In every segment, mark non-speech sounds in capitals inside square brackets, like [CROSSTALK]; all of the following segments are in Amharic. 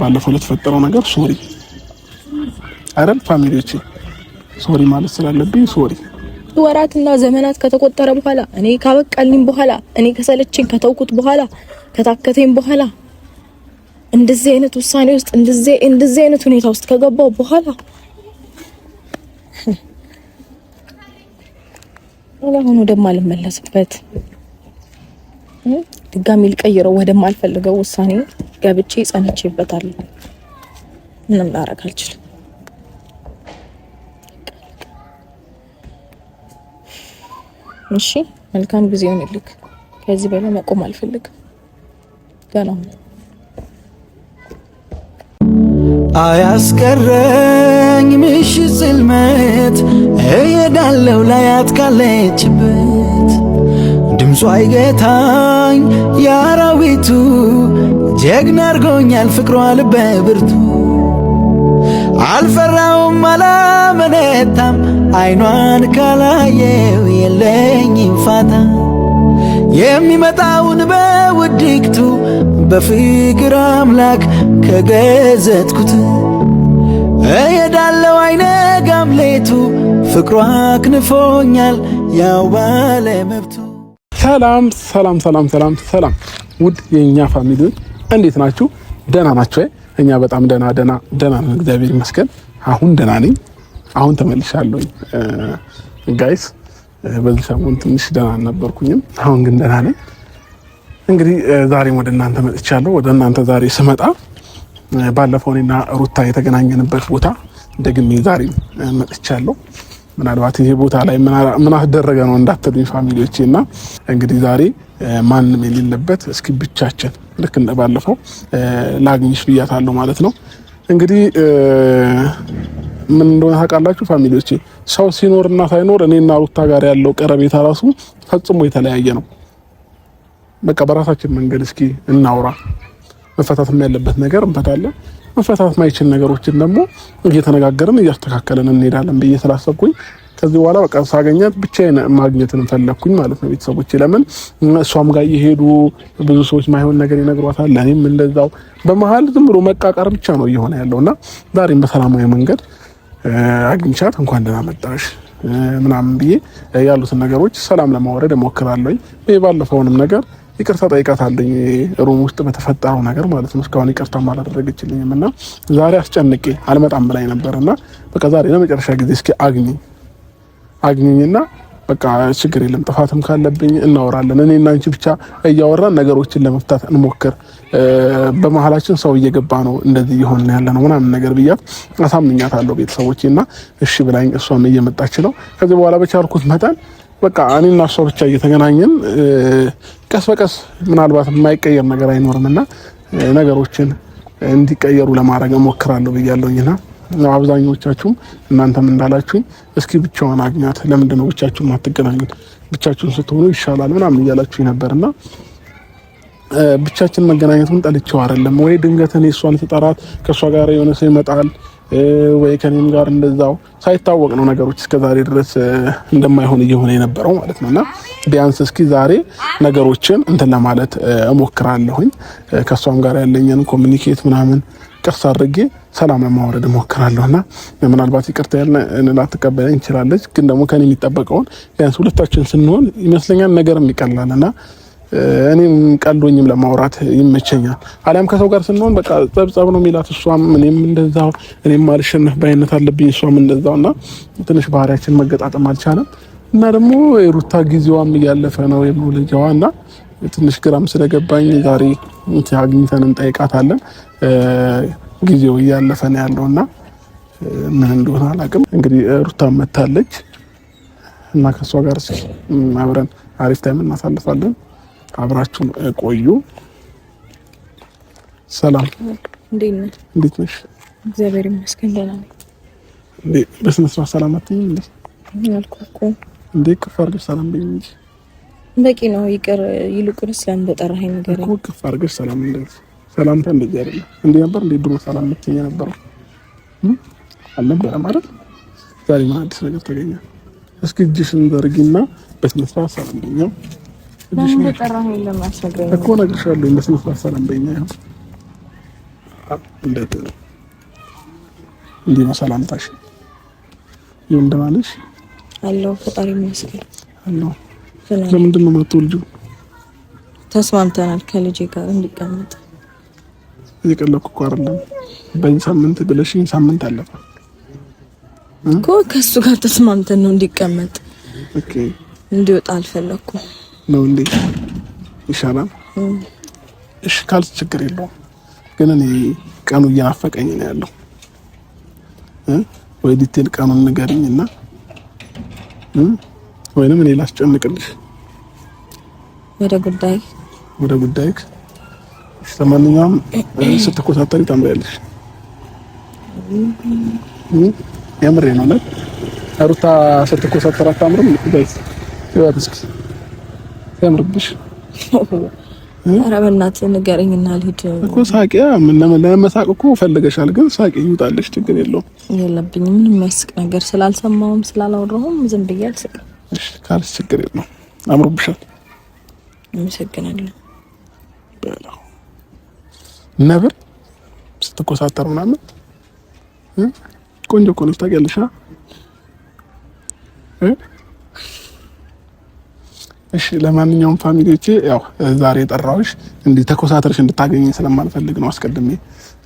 ባለፈው ለተፈጠረው ነገር ሶሪ አይደል ፋሚሊዎቼ፣ ሶሪ ማለት ስላለብኝ ሶሪ። ወራትና ዘመናት ከተቆጠረ በኋላ እኔ ካበቃልኝ በኋላ እኔ ከሰለችኝ ከተውኩት በኋላ ከታከተኝ በኋላ እንደዚህ አይነት ውሳኔ ውስጥ እንደዚህ እንደዚህ አይነት ሁኔታ ውስጥ ከገባው በኋላ አሁን [LAUGHS] ደግሞ አልመለስበት ድጋሚ ልቀይረው ወደማልፈልገው ውሳኔ ገብቼ ጸንቼበታል። ምንም ላረግ አልችልም። እሺ መልካም ጊዜ ይሁንልክ። ከዚህ በላይ መቆም አልፈልግም። ገና አያስቀረኝ ምሽት ጽልመት እየዳለው ላያት ካለችበት ድምፁ አይገታኝ የአራዊቱ ጀግና አርጎኛል ፍቅሯ ልበ ብርቱ አልፈራውም አላመነታም አይኗን ካላየው የለኝም ፋታ የሚመጣውን በውድቅቱ በፍቅር አምላክ ከገዘትኩት እየዳለው አይነ ጋምሌቱ ፍቅሯ አክንፎኛል ያው ባለ መብቱ ሰላም ሰላም ሰላም ሰላም ሰላም ውድ የኛ ፋሚሊዎች እንዴት ናችሁ? ደና ናችሁ? እኛ በጣም ደና ደና ደና ነን፣ እግዚአብሔር ይመስገን። አሁን ደና ነኝ። አሁን ተመልሻለሁ ጋይስ። በዚህ ሰሞን ትንሽ ደና አልነበርኩኝም፣ አሁን ግን ደና ነኝ። እንግዲህ ዛሬም ወደ እናንተ መጥቻለሁ። ወደ እናንተ ዛሬ ስመጣ ባለፈው እኔና ሩታ የተገናኘንበት ቦታ ደግሜ ዛሬም መጥቻለሁ። ምናልባት ይሄ ቦታ ላይ ምን አስደረገ ነው እንዳትሉኝ ፋሚሊዎች እና እንግዲህ ዛሬ ማንም የሌለበት እስኪ ብቻችን ልክ እንደባለፈው ላግኝሽ ብያታለሁ ማለት ነው። እንግዲህ ምን እንደሆነ ታውቃላችሁ ፋሚሊዎቼ፣ ሰው ሲኖር እና ሳይኖር እኔና ሩታ ጋር ያለው ቀረቤታ ራሱ ፈጽሞ የተለያየ ነው። በቃ በራሳችን መንገድ እስኪ እናውራ። መፈታትም ያለበት ነገር እንፈታለን መፈታት ማይችል ነገሮችን ደግሞ እየተነጋገርን እያስተካከለን እንሄዳለን ብዬ ስላሰብኩኝ ከዚህ በኋላ በቃ ሳገኛት ብቻዬን ማግኘትን ፈለግኩኝ ማለት ነው። ቤተሰቦች ለምን እሷም ጋር እየሄዱ ብዙ ሰዎች ማይሆን ነገር ይነግሯታል፣ ለእኔም እንደዛው በመሀል ዝም ብሎ መቃቀር ብቻ ነው እየሆነ ያለው እና ዛሬም በሰላማዊ መንገድ አግኝቻት እንኳን ደህና መጣሽ ምናምን ብዬ ያሉትን ነገሮች ሰላም ለማውረድ እሞክራለሁ። ባለፈውንም ነገር ይቅርታ ጠይቃታለኝ ሩም ውስጥ በተፈጠረው ነገር ማለት ነው። እስካሁን ይቅርታ አላደረገችልኝም እና ዛሬ አስጨንቄ አልመጣም ብላኝ ነበር እና በቃ ዛሬ ለመጨረሻ ጊዜ እስኪ አግኝ አግኝኝና በቃ ችግር የለም ጥፋትም ካለብኝ እናወራለን። እኔ እና አንቺ ብቻ እያወራን ነገሮችን ለመፍታት እንሞክር። በመሀላችን ሰው እየገባ ነው እንደዚህ እየሆንን ያለ ነው ምናምን ነገር ብያት አሳምኛታለሁ ቤተሰቦቼ እና እሺ ብላኝ እሷም እየመጣች ነው። ከዚህ በኋላ በቻልኩት መጠን በቃ እኔ እና እሷ ብቻ እየተገናኘን ቀስ በቀስ ምናልባት የማይቀየር ነገር እና ነገሮችን እንዲቀየሩ ለማድረግ እሞክራለሁ ብያለሁኝና አብዛኞቻችሁም እናንተም እንዳላችሁኝ እስኪ ብቻዋን አግኛት፣ ለምንድን ነው ብቻችሁን ማትገናኙት? ብቻችሁን ስትሆኑ ይሻላል ምናምን እያላችሁኝ ነበርና ብቻችን መገናኘቱን ጠልቼው አይደለም ወይ ድንገት እኔ እሷን ስጠራት ከእሷ ጋር የሆነ ሰው ይመጣል ወይ ከኔም ጋር እንደዛው ሳይታወቅ ነው ነገሮች እስከ ዛሬ ድረስ እንደማይሆን እየሆነ የነበረው ማለት ነው። እና ቢያንስ እስኪ ዛሬ ነገሮችን እንትን ለማለት እሞክራለሁኝ። ከእሷም ጋር ያለኝን ኮሚኒኬት ምናምን ቅርስ አድርጌ ሰላም ለማውረድ እሞክራለሁ እና ምናልባት ይቅርታ ያለ ላትቀበለኝ እንችላለች። ግን ደግሞ ከኔ የሚጠበቀውን ቢያንስ ሁለታችን ስንሆን ይመስለኛል ነገርም ይቀላል እና እኔም ቀሎኝም ለማውራት ይመቸኛል። አሊያም ከሰው ጋር ስንሆን በቃ ጸብጸብ ነው የሚላት እሷም እኔም እንደዛው፣ እኔም አልሸነፍ ባይነት አለብኝ እሷም እንደዛው እና ትንሽ ባህሪያችን መገጣጠም አልቻለም እና ደግሞ የሩታ ጊዜዋም እያለፈ ነው የመውለጃዋ እና ትንሽ ግራም ስለገባኝ ዛሬ አግኝተን እንጠይቃታለን። ጊዜው እያለፈ ነው ያለው እና ምን እንደሆነ አላውቅም። እንግዲህ ሩታ መታለች እና ከእሷ ጋር እስኪ አብረን አሪፍ ታይም እናሳልፋለን። አብራችሁን ቆዩ። ሰላም፣ እንዴት ነሽ? እግዚአብሔር ይመስገን ደህና ነኝ። እንዴ በስነ ስርዓት ሰላም አትይኝ እንዴ? አልኩህ እኮ እንዴ ከፍ አድርገሽ ሰላም በይኝ እንጂ በቂ ነው። ይቅር ይልቁንስ ለምን በጠራኸኝ ነገር እኮ ከፍ አድርገሽ ሰላም እንደዚህ ሰላምታ እንደዚህ አይደለም እንዴ ነበር እንዴ ድሮ ሰላም መተኛ ነበር አልነበረም አይደል? ዛሬ ምን አዲስ ነገር ተገኘ? እስኪ እጅሽን ዘርጊና በስነ ስርዓት ሰላም በይኝ። እኮ እነግርሻለሁ። እንደ ስነ ስርዓት ሰላም በይኝ። እንዴት ነው ሰላምታሽ? ይሁን ደማለሽ አለሁ። ፈጣሪ ይመስገን አለሁ። ለምንድን ነው የማትወልጂው? ተስማምተናል ከልጄ ጋር እንዲቀመጥ። እየቀለድኩ እኮ አይደለም። በእኝ ሳምንት ብለሽኝ ሳምንት አለፈ እኮ። ከእሱ ጋር ተስማምተን ነው እንዲቀመጥ። እንዲወጣ አልፈለኩም። ነው እንዴ? ይሻላል። እሺ ካልስ ችግር የለውም። ግን እኔ ቀኑ እየናፈቀኝ ነው ያለው። ወይ ዲቴል ቀኑን ንገሪኝ እና ወይንም እኔ ላስጨንቅልሽ። ወደ ጉዳይ ወደ ጉዳይ። ለማንኛውም ስትኮሳተሪ ታምሪያለሽ። የምሬ ነው ሩታ ስትኮሳተር አታምርም። ይወት እስኪ ያምርብሽ። ኧረ በእናትህ ንገረኝ እና ልሂድ እኮ ሳቂያ። ለመሳቅ እኮ ፈልገሻል፣ ግን ሳቂ ይውጣልሽ፣ ችግር የለውም። የለብኝም ምንም የሚያስቅ ነገር ስላላወራሁም ዝም ብዬ እሺ ችግር የለውም። አምሮብሻል። አመሰግናለሁ። ነብር ስትኮሳተር ምናምን ቆንጆ እኮ ነሽ ታውቂያለሽ እ እሺ ለማንኛውም ፋሚሊዎቼ ያው ዛሬ የጠራሁሽ እንዲህ ተኮሳተርሽ እንድታገኝ ስለማልፈልግ ነው። አስቀድሜ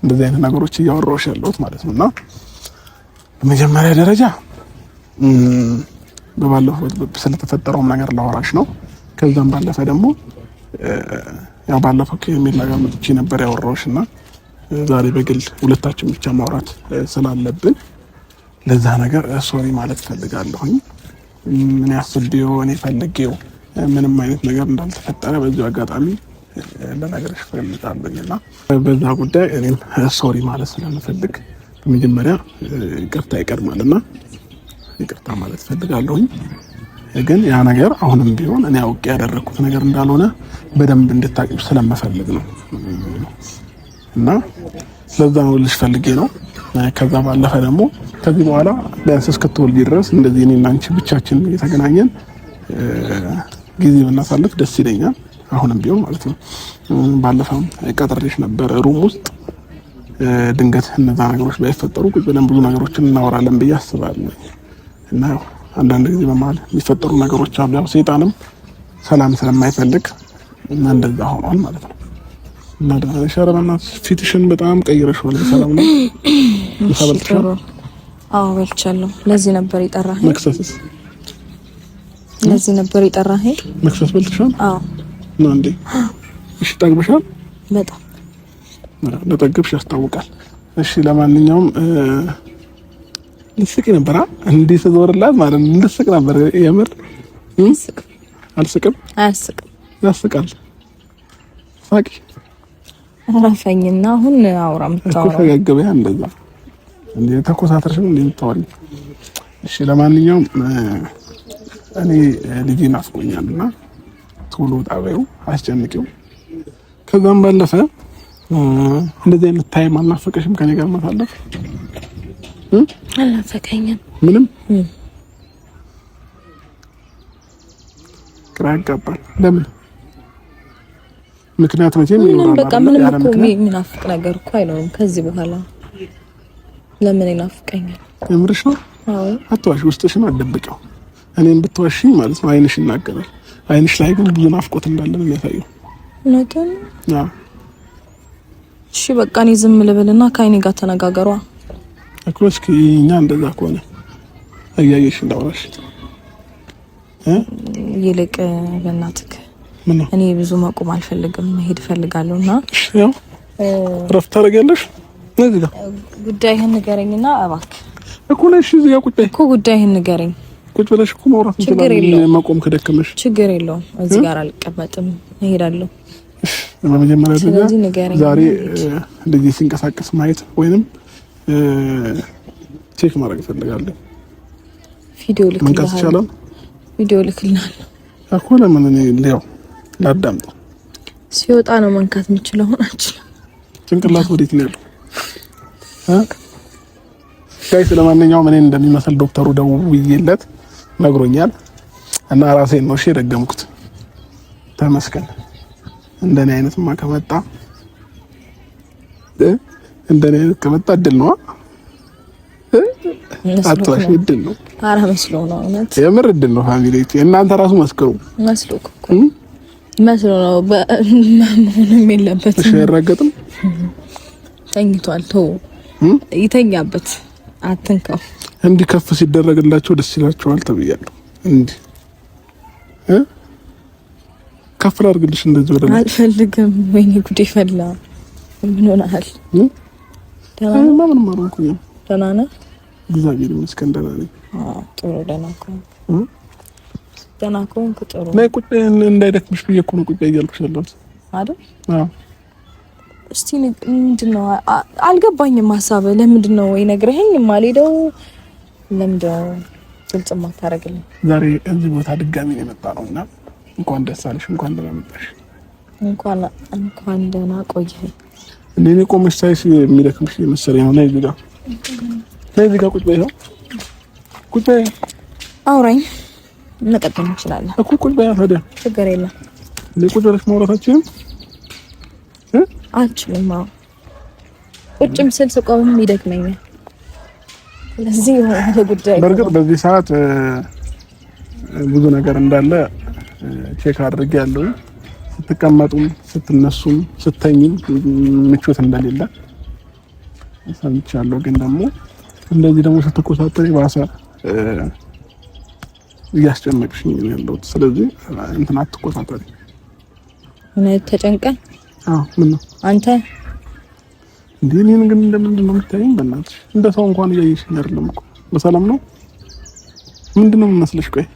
እንደዚህ አይነት ነገሮች እያወራሁሽ ያለሁት ማለት ነውና በመጀመሪያ ደረጃ በባለፈው ስለተፈጠረውም ነገር ላወራሽ ነው። ከዛም ባለፈ ደግሞ ያው ባለፈው ከሚል ነገር መጥቼ ነበር ያወራሁሽ እና ዛሬ በግል ሁለታችን ብቻ ማውራት ስላለብን ለዛ ነገር ሶሪ ማለት ፈልጋለሁኝ። ምን ያስብየው ቢሆን ፈልጌው ምንም አይነት ነገር እንዳልተፈጠረ በዚሁ አጋጣሚ ለነገሮች እና በዛ ጉዳይ እኔም ሶሪ ማለት ስለምፈልግ በመጀመሪያ ይቅርታ ይቀድማልና ይቅርታ ማለት ፈልጋለሁኝ። ግን ያ ነገር አሁንም ቢሆን እኔ አውቄ ያደረግኩት ነገር እንዳልሆነ በደንብ እንድታቂብ ስለምፈልግ ነው እና ስለዛ ነው ልሽ ፈልጌ ነው። ከዛ ባለፈ ደግሞ ከዚህ በኋላ ቢያንስ እስክትወልድ ድረስ እንደዚህ እኔና አንቺ ብቻችን እየተገናኘን ጊዜ ብናሳልፍ ደስ ይለኛል። አሁንም ቢሆን ማለት ነው። ባለፈው ቀጥሬሽ ነበር ሩም ውስጥ ድንገት እነዛ ነገሮች ባይፈጠሩ ቁጭ ብለን ብዙ ነገሮችን እናወራለን ብዬ አስባለሁ። እና አንዳንድ ጊዜ በመሀል የሚፈጠሩ ነገሮች አሉ። ያው ሰይጣንም ሰላም ስለማይፈልግ እና እንደዛ ሆኗል ማለት ነው። እና ሸረ በእናትሽ ፊትሽን በጣም ቀይረሽዋል። ሰላም ነው። [CLEARS THROAT] አዎ በልቻለሁ። ለዚህ ነበር የጠራህ መክሰስስ ለዚህ ነበር የጠራህ። መክሰስ በልተሻል? አዎ። ነው እንዴ? [GASPS] እሺ፣ ጠግብሻል? በጣም ለጠግብሽ ያስታውቃል። እሺ፣ ለማንኛውም ልስቅ ነበር። እንዴ ተዞርላት ማለት ነው። ልስቅ ነበር የምር። አልስቅም? አያስቅም። ያስቃል። ሳቂ። አራፈኝና አሁን አውራ ምታወራ ተገገበ እንደዛ እንዴ ተኮሳተርሽም እንዴ ምታወሪ። እሺ፣ ለማንኛውም እኔ ልጄ ናፍቆኛል እና ቶሎ ጣቢያው አስጨንቂው። ከዛም ባለፈ እንደዚህ አይነት ታይም አልናፈቀሽም? ከኔ ጋር ማሳለፍ አልናፈቀኝም። ምንም ግራ ያጋባል። ለምን? ምክንያት መቼም ይኖራል። በቃ ምንም እኮ የሚናፍቅ ነገር እኮ አይኖርም ከዚህ በኋላ። ለምን ይናፍቀኛል? የምርሽ ነው። አዎ፣ አትዋሽ፣ ውስጥሽን አትደብቂው። እኔን ብትወሽኝ ማለት ነው አይንሽ ይናገራል። አይንሽ ላይ ግን ብዙ ናፍቆት እንዳለ ነው የሚያሳየው። እውነቱን እሺ፣ በቃ እኔ ዝም ልብልና ከአይኔ ጋር ተነጋገሯ እኮ እስኪ እኛ እንደዛ ከሆነ እያየሽ እንዳውራሽ ይልቅ በእናትህ እኔ ብዙ መቆም አልፈልግም፣ መሄድ እፈልጋለሁ እና እረፍት ታደርጊያለሽ። እዚህ ጋር ጉዳይህን ንገረኝና እባክህ እኮ ነሽ እዚህ ጋር ቁጭ እኮ ጉዳይህን ንገረኝ ቁጭ ብለሽ እኮ ማውራት እንችላለን። መቆም ከደከመሽ ችግር የለውም። እዚህ ጋር አልቀመጥም፣ እሄዳለሁ። በመጀመሪያ ደረጃ ዛሬ ልጅ ሲንቀሳቀስ ማየት ወይንም ቼክ ማድረግ እፈልጋለሁ። ቪዲዮ ልክልናል፣ ይቻላል። ቪዲዮ ልክልናል እኮ ለምን እኔ ሊያው ላዳምጥ ሲወጣ ነው መንካት የምችለው። ሆናችሁ ጭንቅላት ወዴት ነው ያለው? ጋይ ስለማንኛውም እኔን እንደሚመስል ዶክተሩ ደውዬለት ነግሮኛል እና ራሴን ነው እሺ የረገምኩት። ተመስገን እንደኔ አይነትማ ከመጣ እንደኔ አይነት ከመጣ እድል ነው አጥራሽ እድል ነው። ኧረ መስሎ ነው እውነት፣ የምር እድል ነው። ፋሚሊ እናንተ ራሱ መስክሩ። መስሎ እኮ መስሎ ነው መሆንም የለበትም። እሺ አይረገጥም። ተኝቷል። ተው ይተኛበት። አትንካው። እንዲህ ከፍ ሲደረግላቸው ደስ ይላቸዋል ተብያለሁ። እንዲህ ከፍ ላድርግልሽ። እንደዚህ ወደ አልፈልግም። ወይኔ ጉዴ ፈላ። ምን ሆነሃል? ደህና ምንም አልሆንኩኝም። ደህና ነህ? እግዚአብሔር ይመስገን ደህና ነኝ። ጥሩ ደህና ከሆንክ ደህና ከሆንክ ጥሩ። ነይ ቁጭ እንዳይደክምሽ ብዬሽ እኮ ነው ቁጭ እያልኩሽ ያለሁት አይደል? አዎ እስቲ ምንድን ነው አልገባኝም። ሀሳብ ለምንድን ነው ይነግረህኝ የማልሄደው? ለምንድን ነው ግልጽ የማታደርግልኝ? ዛሬ እዚህ ቦታ ድጋሚ ነው የመጣ ነው እና እንኳን ደስ አለሽ፣ እንኳን ደህና መጣሽ፣ እንኳን ደህና ቆየህ። እንደ እኔ ቆመሽ ሳይስ የሚደክምሽ መሰለኝ ነው። ና እዚህ ጋር፣ ነይ እዚህ ጋር ቁጭ በይ። ነው ቁጭ በይ፣ አውራኝ፣ መቀጠል እንችላለን እኮ ቁጭ በይ። ታዲያ ችግር የለም። ቁጭ ብለሽ ማውራታችንም አልችልም። አዎ ቁጭም ስል ስቆምም ይደክመኛል። ስለዚህ ጉዳይ በእርግጥ በዚህ ሰዓት ብዙ ነገር እንዳለ ቼክ አድርጌ ያለው ስትቀመጡም፣ ስትነሱም፣ ስተኝም ምቾት እንደሌለ ሰምቻለሁ። ግን ደግሞ እንደዚህ ደግሞ ስትኮሳተሪ ባሰ እያስጨነቅሽኝ ነው ያለሁት። ስለዚህ እንትን ተጨንቀን? አዎ ምን ነው አንተ እንዴ እኔን ግን እንደምንድን ነው የምታየኝ? በእናትሽ እንደ ሰው እንኳን እያየሽኝ አይደለም እኮ በሰላም ነው። ምንድን ነው የምመስልሽ? ቆይ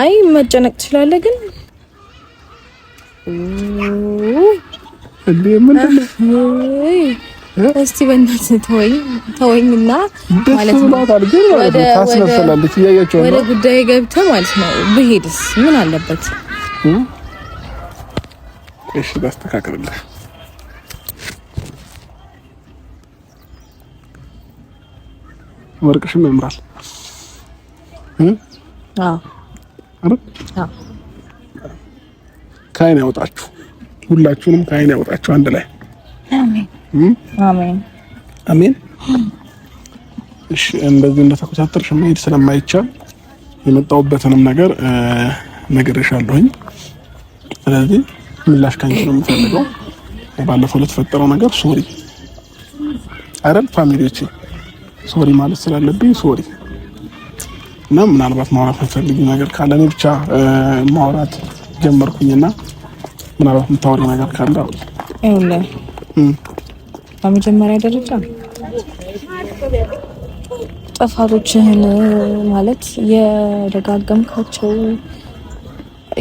አይ መጨነቅ ትችላለህ፣ ግን እንዴ ምንድን ነው? እስቲ በእናትህ ተወኝ ተወኝና ማለት ነው ወደ ጉዳይ ገብተህ ማለት ነው ብሄድስ ምን አለበት? እሺ ባስተካክልልህ ወርቅሽም ያምራል። ከአይን ያወጣችሁ፣ ሁላችሁንም ከአይን ያወጣችሁ አንድ ላይ አሜን አሜን። እሺ እንደዚህ እንደተኮሳተርሽ መሄድ ስለማይቻል የመጣውበትንም ነገር ነግሬሻለሁኝ። ስለዚህ ምላሽ ከአንቺ ነው የምፈልገው። ባለፈው ለተፈጠረው ነገር ሶሪ አይደል ፋሚሊዎቼ፣ ሶሪ ማለት ስላለብኝ ሶሪ እና ምናልባት ማውራት የምትፈልጊው ነገር ካለ እኔ ብቻ ማውራት ጀመርኩኝና ምናልባት የምታወሪው ነገር ካለ ይኸውልህ፣ በመጀመሪያ ደረጃ ጥፋቶችህን ማለት የደጋገምካቸው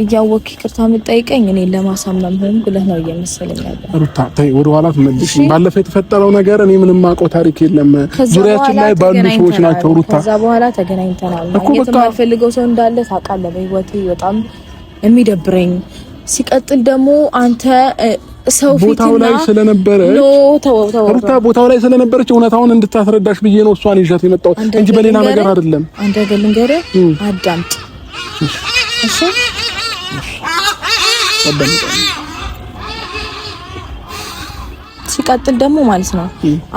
እያወቅህ ይቅርታ የምጠይቀኝ እኔ ለማሳመም ሆን ብለህ ነው እየመሰለኝ ያለ። ሩታ ተይ፣ ወደ ኋላ ትመልሽ። ባለፈው የተፈጠረው ነገር እኔ ምንም አውቀው ታሪክ የለም። ዙሪያችን ላይ ባሉ ሰዎች ናቸው። ሩታ፣ ከዛ በኋላ ተገናኝተናል። ማግኘት የማልፈልገው ሰው እንዳለ ታውቃለህ። በህይወቴ በጣም የሚደብረኝ ሲቀጥል ደግሞ አንተ ሰው ቦታው ላይ ስለነበረ ሩታ ቦታው ላይ ስለነበረች እውነታውን እንድታስረዳሽ ብዬ ነው እሷን ይዣት የመጣሁት እንጂ በሌላ ነገር አይደለም። አንድ ነገር ልንገርህ፣ አዳምጥ እሺ ሲቀጥል ደግሞ ማለት ነው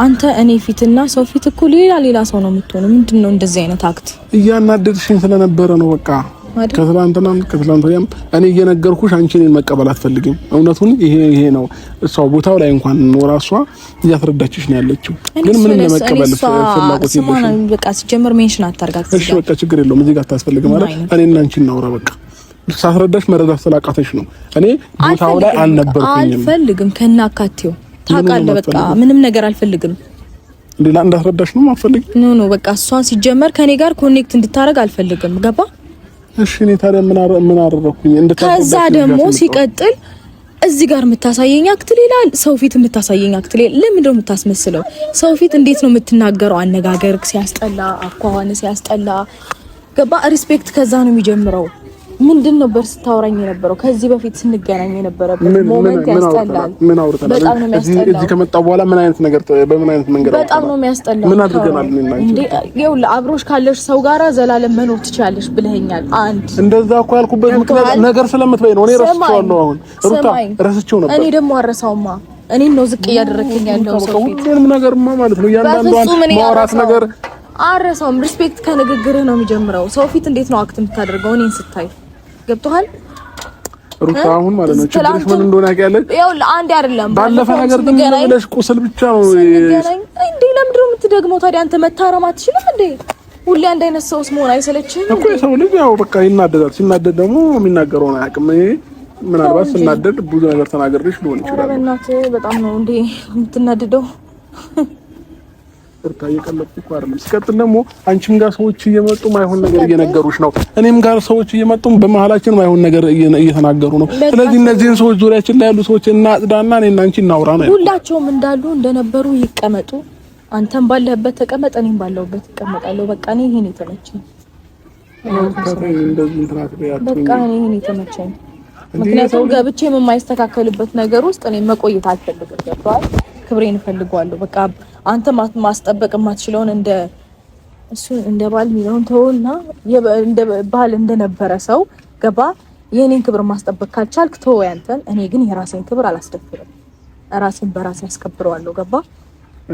አንተ እኔ ፊትና ሰው ፊት እኮ ሌላ ሌላ ሰው ነው የምትሆነው። ምንድነው እንደዚህ አይነት አክት? እያናደድሽኝ ስለነበረ ነው በቃ ከትላንትናም ከትላንትናም እኔ እየነገርኩሽ አንቺ እኔን መቀበል አትፈልግም። እውነቱን ይሄ ይሄ ነው። እሷ ቦታው ላይ እንኳን ኖራ እሷ እያስረዳችሽ ነው ያለችው፣ ግን ምንም ለመቀበል ፍላጎት የለሽም። በቃ ሲጀምር ሜንሽን አታርጋት። እሺ በቃ ችግር የለውም እዚህ ጋር አታስፈልግም ማለት እኔና አንቺ እናውራ በቃ ሳስረዳሽ መረዳት ስላቃተሽ ነው። እኔ ቦታው ላይ አልነበርኩኝም። አልፈልግም ከና ከናካቴው ታውቃለህ። በቃ ምንም ነገር አልፈልግም። ሌላ እንዳስረዳሽ ነው ማፈልግ ኖ ኖ በቃ እሷን ሲጀመር ከኔ ጋር ኮኔክት እንድታረግ አልፈልግም። ገባ? እሺ። እኔ ታዲያ ምን አረ ምን አረኩኝ? አደረኩኝ? ከዛ ደግሞ ሲቀጥል እዚህ ጋር የምታሳየኝ አክት ሌላ፣ ሰው ፊት የምታሳየኝ አክት ሌላ። ለምንድን ነው የምታስመስለው? ሰው ፊት እንዴት ነው የምትናገረው? አነጋገር ሲያስጠላ፣ አኳኋን ሲያስጠላ። ገባ? ሪስፔክት ከዛ ነው የሚጀምረው። ምንድን ነበር ስታወራኝ የነበረው? ከዚህ በፊት ስንገናኝ የነበረበት ሞመንት ያስጠላል። እዚህ በኋላ ምን አይነት ነገር በምን አይነት መንገድ በጣም ነው የሚያስጠላው። ምን አድርገናል? ይኸውልህ፣ አብሮሽ ካለሽ ሰው ጋራ ዘላለም መኖር ትችላለሽ ብለኸኛል። አንድ እንደዛ እኮ ያልኩበት ምክንያት ነገር ስለምትበይ ነው። እኔ ረስቼዋለሁ። አሁን ሩታ ረስቼው ነበር። እኔ ደግሞ አረሳውማ እኔን ነው ዝቅ እያደረግከኝ ያለው ሰው ነገርማ ማለት ነው። እያንዳንዷን ማውራት ነገር አረሳውም። ሪስፔክት ከንግግርህ ነው የሚጀምረው። ሰው ፊት እንዴት ነው አክት የምታደርገው? እኔን ስታይ ገብቶሃል? ሩታ አሁን ማለት ነው ችግርሽ ምን እንደሆነ ያውቃለች። ያው አንዴ አይደለም ባለፈ ነገር ግን ምን ብለሽ ቁስል ብቻ ነው እንዴ? ለምንድን ነው የምትደግመው ታዲያ? አንተ መታረም አትችልም እንዴ? ሁሌ አንድ አይነት ሰውስ መሆን አይሰለችም እኮ? የሰው ልጅ ያው በቃ ይናደዳል። ሲናደድ ደግሞ የሚናገረውን አያውቅም። ምናልባት ስናደድ ብዙ ነገር ተናገርሽ ሊሆን ይችላል። በእናትህ በጣም ነው እንዴ የምትናደደው? ይቅርታ እየቀለድኩ እኮ አይደለም። ሲቀጥል ደግሞ አንቺም ጋር ሰዎች እየመጡ ማይሆን ነገር እየነገሩሽ ነው። እኔም ጋር ሰዎች እየመጡ በመሀላችን ማይሆን ነገር እየተናገሩ ነው። ስለዚህ እነዚህን ሰዎች ዙሪያችን ላይ ያሉ ሰዎች እናጽዳና እኔና አንቺ እናውራ ነው። ሁላቸውም እንዳሉ እንደነበሩ ይቀመጡ። አንተም ባለህበት ተቀመጥ፣ እኔም ባለሁበት ይቀመጣለሁ። በቃ እኔ ይሄን የተመቸኝ በቃ እኔ ይሄን የተመቸኝ ምክንያቱም ገብቼ የማይስተካከልበት ነገር ውስጥ እኔ መቆየት አልፈልግም። ገባህ? ክብሬን እፈልገዋለሁ። በቃ አንተ ማስጠበቅ የማትችለውን እንደ እሱ እንደ ባል የሚለውን ተውና እንደ ባል እንደነበረ ሰው ገባ። የእኔን ክብር ማስጠበቅ ካልቻልክ ተወው ያንተን። እኔ ግን የራሴን ክብር አላስደፍርም። ራሴን በራሴ አስከብረዋለሁ። ገባ?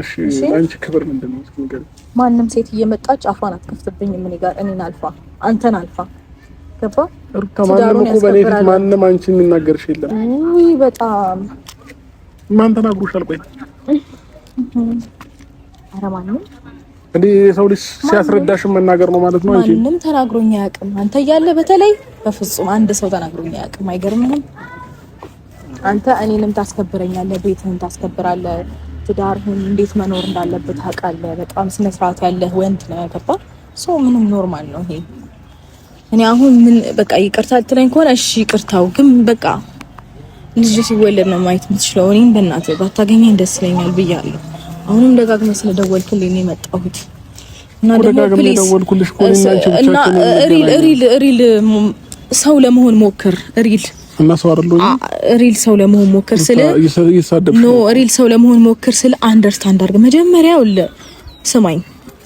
እሺ። አንቺ ክብር ምንድን ነው? ማንም ሴት እየመጣች አፏን አትከፍትብኝ። ምን ጋር። እኔን አልፋ አንተን አልፋ ገባ? ማንም እኮ በእኔ ማንም አንቺን የሚናገርሽ የለም። ውይ በጣም ማን ተናግሮሻል? ቆይ እንዲህ የሰው ልጅ ሲያስረዳሽም መናገር ነው ማለት ነው። ማንም ተናግሮኝ አያውቅም። አንተ እያለ በተለይ በፍጹም አንድ ሰው ተናግሮኝ አያውቅም። አይገርምህም? አንተ እኔንም ታስከብረኛለህ፣ ቤትህን ታስከብራለህ፣ ትዳርህን እንዴት መኖር እንዳለበት ታውቃለህ። በጣም ስነ ስርዓት ያለህ ወንድ ነው። ያገባ ሰው ምንም ኖርማል ነው ይሄ። እኔ አሁን ምን በቃ ይቅርታ ልትለኝ ከሆነ እሺ ይቅርታው ግን በቃ ልጅ ሲወለድ ነው ማየት የምትችለው። እኔ በእናትህ ባታገኘኝ ደስ ይለኛል ብያለሁ። አሁንም ደጋግመ ስለደወልክልኝ ነው የመጣሁት እና ሪል ሰው ለመሆን ሞክር። ሪል እና ሰው አይደለሁ። ሪል ሰው ለመሆን ሞክር ስለ ኖ ሪል ሰው ለመሆን ሞክር ስለ አንደርስታንድ አድርገህ መጀመሪያ ስማኝ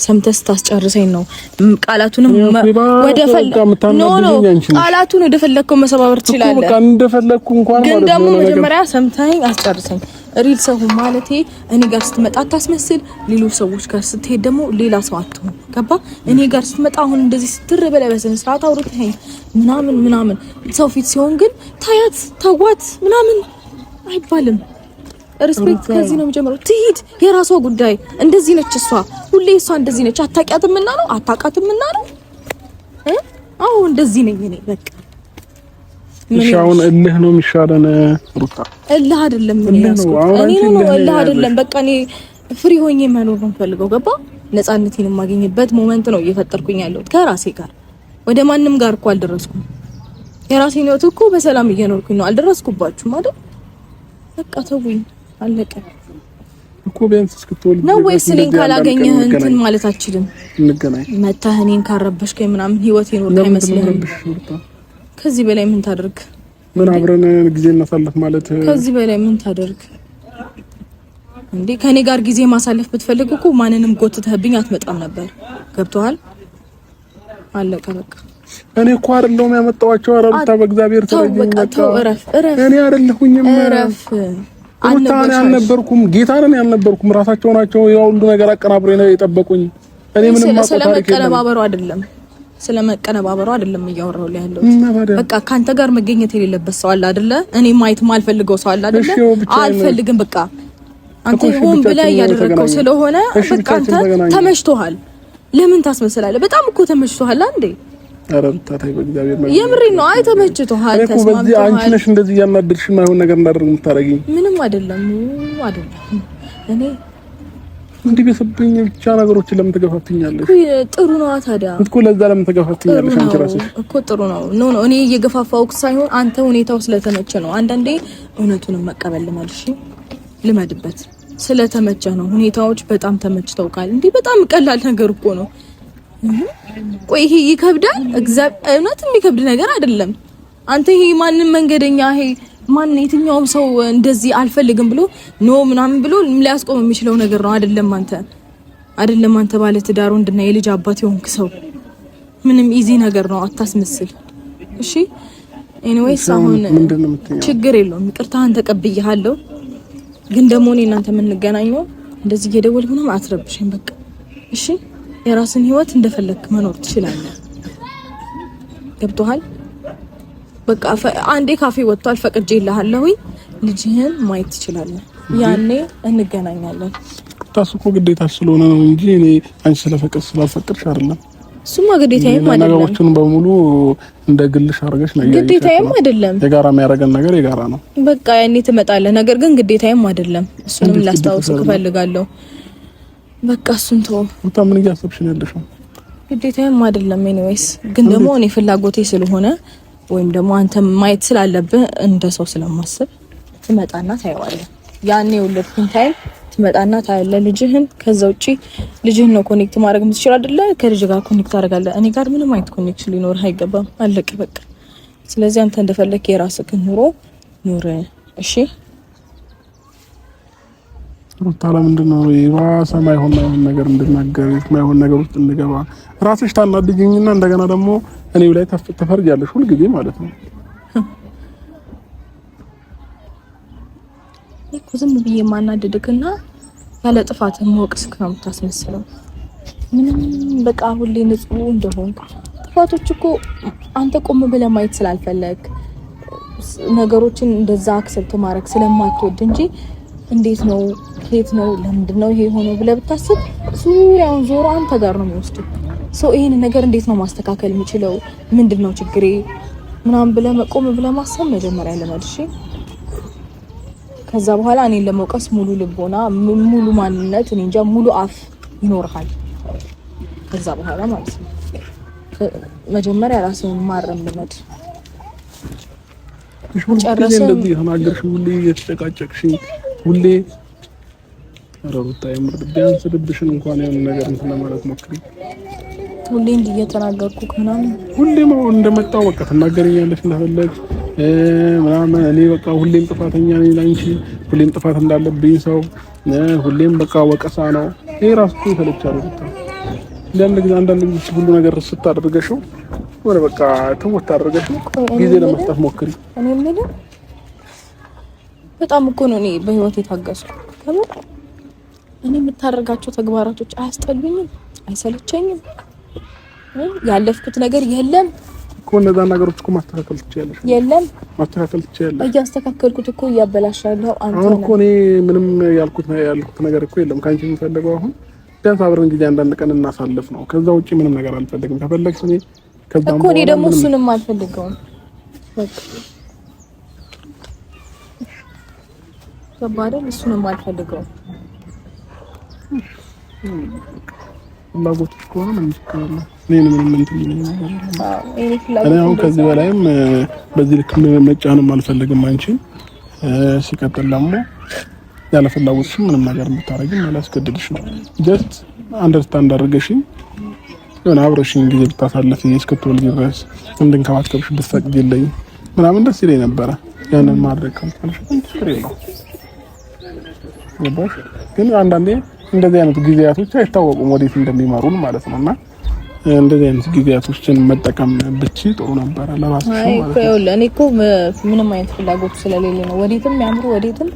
ሰምተህ ስታስጨርሰኝ ነው ቃላቱንም ወደ ቃላቱን ወደ ወደፈለግከው መሰባበር ትችላለህ። ግን ደግሞ መጀመሪያ ሰምተኝ አስጨርሰኝ። ሪል ሰው ማለት እኔ ጋር ስትመጣ አታስመስል፣ ሌሎች ሰዎች ጋር ስትሄድ ደግሞ ሌላ ሰው አትሆን። ገባ? እኔ ጋር ስትመጣ አሁን እንደዚህ ስትር በላይ በስነ ስርዓት አውርተኸኝ ምናምን ምናምን፣ ሰው ፊት ሲሆን ግን ታያት ታዋት ምናምን አይባልም። ሪስፔክት ከዚህ ነው የሚጀምረው። ትሂድ፣ የራሷ ጉዳይ። እንደዚህ ነች እሷ፣ ሁሌ እሷ እንደዚህ ነች። አታውቂያትም እና ነው አታውቃትም እና ነው። አዎ እንደዚህ ነኝ እኔ በቃ። እሺ እልህ ነው የሚሻለን ሩታ። እልህ አይደለም እኔ ነው እኔ ነው እልህ አይደለም። በቃ እኔ ፍሪ ሆኜ መኖር ነው የምፈልገው። ገባ? ነፃነቴን የማገኝበት ሞመንት ነው እየፈጠርኩኝ ያለሁት ከራሴ ጋር። ወደ ማንም ጋር እኮ አልደረስኩም። የራሴን ህይወት እኮ በሰላም እየኖርኩኝ ነው። አልደረስኩባችሁም አይደል? በቃ ተውኝ። አለቀ እኮ ቢያንስ እስክትወልድ ነው ወይስ እኔን ካላገኘህ እንትን ማለት አችልም። እንገናኝ መታህ እኔን ካረበሽከኝ ምናምን ህይወት ይኖር አይመስልህም። ከዚህ በላይ ምን ታደርግ? ምን አብረን ጊዜ እናሳለፍ ማለት ከዚህ በላይ ምን ታደርግ እንዴ? ከኔ ጋር ጊዜ ማሳለፍ ብትፈልግ እኮ ማንንም ጎትተህብኝ አትመጣም ነበር። ገብቶሃል? አለቀ በቃ። እኔ እኮ አይደለሁም ያመጣኋቸው። ኧረ ብታ በእግዚአብሔር ተረጅኝ። በቃ ተው፣ እረፍ፣ እረፍ። እኔ አይደለሁኝም። እረፍ ሩታን ያልነበርኩም ጌታን ያልነበርኩም ራሳቸው ናቸው ያው ሁሉ ነገር አቀናብሮ ነው የጠበቁኝ። እኔ ምንም ስለመቀነባበሩ አይደለም ስለመቀነባበሩ አይደለም እያወራሁ ላይ ያለው በቃ ካንተ ጋር መገኘት የሌለበት ሰው አለ አይደለ? እኔ ማየት ማልፈልገው ሰው አለ አይደለ? አልፈልግም በቃ አንተ ሆን ብላ እያደረገው ስለሆነ በቃ አንተ ተመችቶሃል። ለምን ታስመስላለህ? በጣም እኮ ተመችቶሃል አንዴ የምሬ ነው። አይ ተመችቶሃል። በዚህ አንቺ ነሽ እንደዚህ እያናደድሽ የማይሆን ነገር እንዳደርግ የምታደርጊኝ። ምንም አይደለም አይደለም። እኔ እንዲህ ቤተሰብኝ ብቻ ነገሮችን ለምን ተገፋፍኛለሽ? ጥሩ ነዋ። ታዲያ እኮ ለዛ ለምን ተገፋፍኛለሽ? አንቺ ራስሽ እኮ ጥሩ ነው። ኖ ኖ፣ እኔ እየገፋፋሁህ ሳይሆን አንተ ሁኔታው ስለተመቸ ነው። አንዳንዴ እውነቱንም መቀበል ልመድ፣ ልመድበት። ስለተመቸ ነው። ሁኔታዎች በጣም ተመችተውካል። እንዲህ በጣም ቀላል ነገር እኮ ነው። ቆይ ይሄ ይከብዳል። እውነት የሚከብድ ነገር አይደለም። አንተ ይሄ ማንም መንገደኛ ይሄ ማን የትኛውም ሰው እንደዚህ አልፈልግም ብሎ ኖ ምናምን ብሎ ሊያስቆም የሚችለው ነገር ነው። አይደለም አንተ አይደለም አንተ ባለ ትዳር ወንድና የልጅ አባት የሆንክ ሰው ምንም ኢዚ ነገር ነው። አታስመስል። እሺ ኤኒዌይስ፣ አሁን ችግር የለውም። ይቅርታህን ተቀብያለሁ። ግን ደግሞ እኔ እናንተ የምንገናኘው እንደዚህ እየደወልክ ምናምን አትረብሽኝ። በቃ እሺ የራስን ህይወት እንደፈለክ መኖር ትችላለህ። ገብቶሃል? በቃ አንዴ ካፌ ወጥቷል፣ ፈቅጄ ይልሃለሁ። ልጅህን ማየት ትችላለህ። ያኔ እንገናኛለን። ታስቆ ግዴታ ስለሆነ ነው እንጂ እኔ አንቺ ስለፈቅድ ስላልፈቅድሽ አይደለም። እሱማ ግዴታዬም አይደለም። ነገሮቹን በሙሉ እንደ ግልሽ አድርገሽ ነው። ግዴታዬም አይደለም። የጋራ የሚያደርገን ነገር የጋራ ነው። በቃ ያኔ ትመጣለህ። ነገር ግን ግዴታዬም አይደለም። እሱንም ላስታውስ እፈልጋለሁ። በቃ እሱን ተወው። ሩታ ምን እያሰብሽ ነው ያለሽው? ግዴታዬም አይደለም። ኤኒዌይስ ግን ደግሞ እኔ ፍላጎቴ ስለሆነ ወይም ደግሞ አንተ ማየት ስላለብህ እንደ ሰው ስለማስብ ትመጣና ታየዋለህ። ያኔ የወለድኩን ታይም ትመጣና ታያለህ ልጅህን። ከዛ ውጪ ልጅህን ነው ኮኔክት ማድረግ የምትችል አይደለ? ከልጅ ጋር ኮኔክት አደርጋለህ። እኔ ጋር ምንም አይነት ኮኔክሽን ሊኖር አይገባም። አለቀ በቃ። ስለዚህ አንተ እንደፈለክ የራስህን ኑሮ ኑር። እሺ ሩታ ለምንድን ነው የባሰ ማይሆን ማይሆን ነገር እንድናገር ማይሆን ነገር ውስጥ እንገባ? ራስሽ ታናድጅኝና እንደገና ደግሞ እኔው ላይ ተፈርጃለሽ ሁልጊዜ ማለት ነው። እኮ ዝም ብዬ ማናደድክና ያለ ጥፋት መወቅስክ ነው የምታስመስለው። ምንም በቃ ሁሌ ንጹህ እንደሆን ጥፋቶች እኮ አንተ ቆም ብለህ ማየት ስላልፈለግ ነገሮችን እንደዛ አክሰብት ማድረግ ስለማትወድ እንጂ እንዴት ነው ከየት ነው ለምንድን ነው ይሄ የሆነው ብለህ ብታስብ ዙሪያውን ዞሮ አንተ ጋር ነው የሚወስዱ ሰው ይህን ነገር እንዴት ነው ማስተካከል የሚችለው ምንድን ነው ችግሬ ምናምን ብለህ መቆም ብለህ ማሰብ መጀመሪያ ልመድ። እሺ ከዛ በኋላ እኔን ለመውቀስ ሙሉ ልቦና፣ ሙሉ ማንነት፣ እኔ እንጃ ሙሉ አፍ ይኖርሃል። ከዛ በኋላ ማለት ነው መጀመሪያ ራስህን ማረም ልመድ። ጨረስን ሁሌ እየተጨቃጨቅሽ ሁሌ ረሩታ የምር ቢያንስ ልብሽን እንኳን የሆነ ነገር እንትን ለማለት ሞክሪ። ሁሌ እንዲህ እየተናገርኩ ምናምን ሁሌም አሁን እንደመጣው በቃ ትናገረኛለሽ እንደፈለግ ምናምን እኔ በቃ ሁሌም ጥፋተኛ ነኝ ላንቺ፣ ሁሌም ጥፋት እንዳለብኝ ሰው ሁሌም በቃ ወቀሳ ነው ይሄ ራሱ ይሰለቻል። አንዳንድ ጊዜ አንዳንድ ጊዜ ሁሉ ነገር ስታደርገሽው ወደ በቃ ትውት አድርገሽው ጊዜ ለመስጠት ሞክሪ። እኔ በጣም እኮ ነው እኔ በህይወት የታገስኩ እኔ የምታደርጋቸው ተግባራቶች አያስጠሉኝም፣ አይሰለቸኝም፣ ያለፍኩት ነገር የለም እኮ እነዛ ነገሮች እኮ ማስተካከል ትችያለሽ፣ የለም ማስተካከል ትችያለሽ። እያስተካከልኩት እኮ እያበላሻለሁ አንተ። አሁን እኮ እኔ ምንም ያልኩት ያልኩት ነገር እኮ የለም። ከአንቺ የምፈልገው አሁን ቢያንስ አብረን ጊዜ አንዳንድ ቀን እናሳልፍ ነው። ከዛ ውጪ ምንም ነገር አልፈልግም። ከፈለግሽ እኔ ከዛ እኮ እኔ ደግሞ እሱንም አልፈልገውም። ገባ አይደል? እሱንም አልፈልገውም። ፍላጎት ከሆነ እኔ አሁን ከዚህ በላይም በዚህ ልክ መጫንም አልፈልግም አንቺን። ሲቀጥል ደግሞ ያለ ፍላጎትሽ ምንም ነገር ብታረጊም አላስገድድሽም። ጀስት አንደርስታንድ አድርገሽኝ የሆነ አብረሽኝ ጊዜ ብታሳለፊ እስክትወልጂ ድረስ እንድንከባከብሽ ብትፈቅጂልኝ ምናምን ደስ ይለኝ ነበረ። ያንን ማድረግ ከምቻልሽ ትሬ ነው ግን አንዳንዴ እንደዚህ አይነት ጊዜያቶች አይታወቁም ወዴት እንደሚመሩን ማለት ነው እና እንደዚህ አይነት ጊዜያቶችን መጠቀም ብቻ ጥሩ ነበረ። ለራስሽ ማለት ነው። እኔ እኮ ምንም አይነት ፍላጎቱ ስለሌለ ነው ወዴትም ያምሩ ወዴትም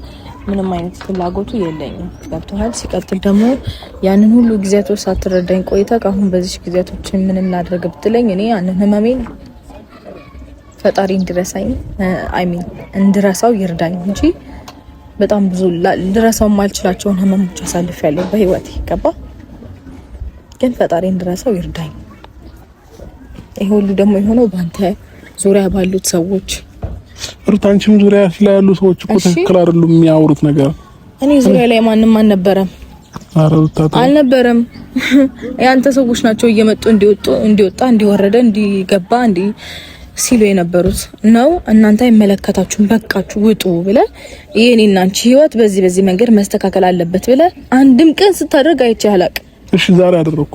ምንም አይነት ፍላጎቱ የለኝም። ገብቶሃል። ሲቀጥል ደግሞ ያንን ሁሉ ጊዜያቶች ሳትረዳኝ ቆይታ ከአሁን በዚህ ጊዜያቶችን ምን እናደርግ ብትለኝ እኔ ያንን ህመሜን ፈጣሪ እንድረሳኝ አይ ሚን እንድረሳው ይርዳኝ እንጂ በጣም ብዙ ልረሳው የማልችላቸውን ህመሞች አሳልፍ ያለው በህይወት ይገባ ግን ፈጣሪ እንድረሳው ይርዳኝ። ይህ ሁሉ ደግሞ የሆነው በአንተ ዙሪያ ባሉት ሰዎች ሩታንችም ዙሪያ ላይ ያሉ ሰዎች እኮ ትክክል አይደሉም የሚያወሩት ነገር። እኔ ዙሪያ ላይ ማንም አልነበረም አልነበረም። የአንተ [LAUGHS] ሰዎች ናቸው እየመጡ እንዲወጣ እንዲወረደ እንዲገባ እንዲ ሲሉ የነበሩት ነው። እናንተ አይመለከታችሁም፣ በቃችሁ፣ ውጡ ብለ ይሄን እናንቺ ህይወት በዚህ በዚህ መንገድ መስተካከል አለበት ብለ አንድም ቀን ስታደርግ አይቼ አላቅ። እሺ ዛሬ አደረኩ።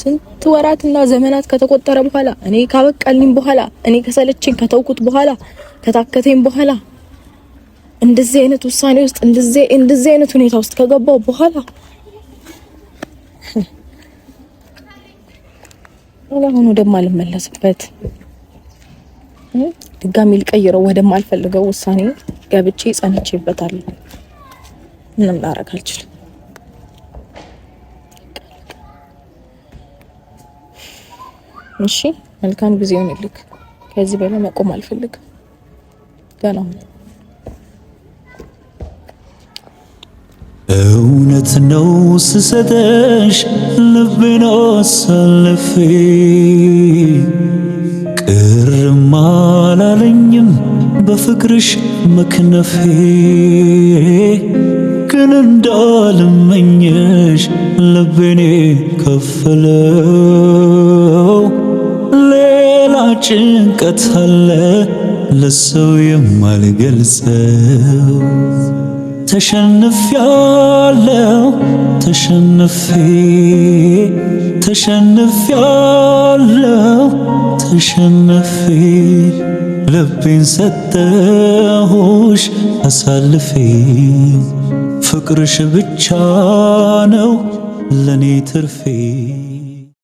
ስንት ወራትና ዘመናት ከተቆጠረ በኋላ እኔ ካበቃልኝ በኋላ እኔ ከሰለችኝ ከተውኩት በኋላ ከታከተኝ በኋላ እንደዚህ አይነት ውሳኔ ውስጥ እንደዚህ እንደዚህ አይነት ሁኔታ ውስጥ ከገባው በኋላ አሁን ወደማልመለስበት ድጋሚ ልቀይረው ወደማልፈልገው ውሳኔ ገብቼ ጸንቼበታለሁ። ምንም ላረግ አልችልም። እሺ፣ መልካም ጊዜ ይሁንልክ። ከዚህ በላይ መቆም አልፈልግም ገና እውነት ነው ስሰጠሽ ልቤን አሳልፌ ቅርም አላለኝም በፍቅርሽ መክነፌ ግን እንዳልመኘሽ ልቤኔ ከፈለው ሌላ ጭንቀት አለ ለሰው የማልገልጸው تشنف يا تشنف تشنفي تشنف يا تشنف تشنفي لبين ستهوش أسالفي فكرش بتشانو لني ترفي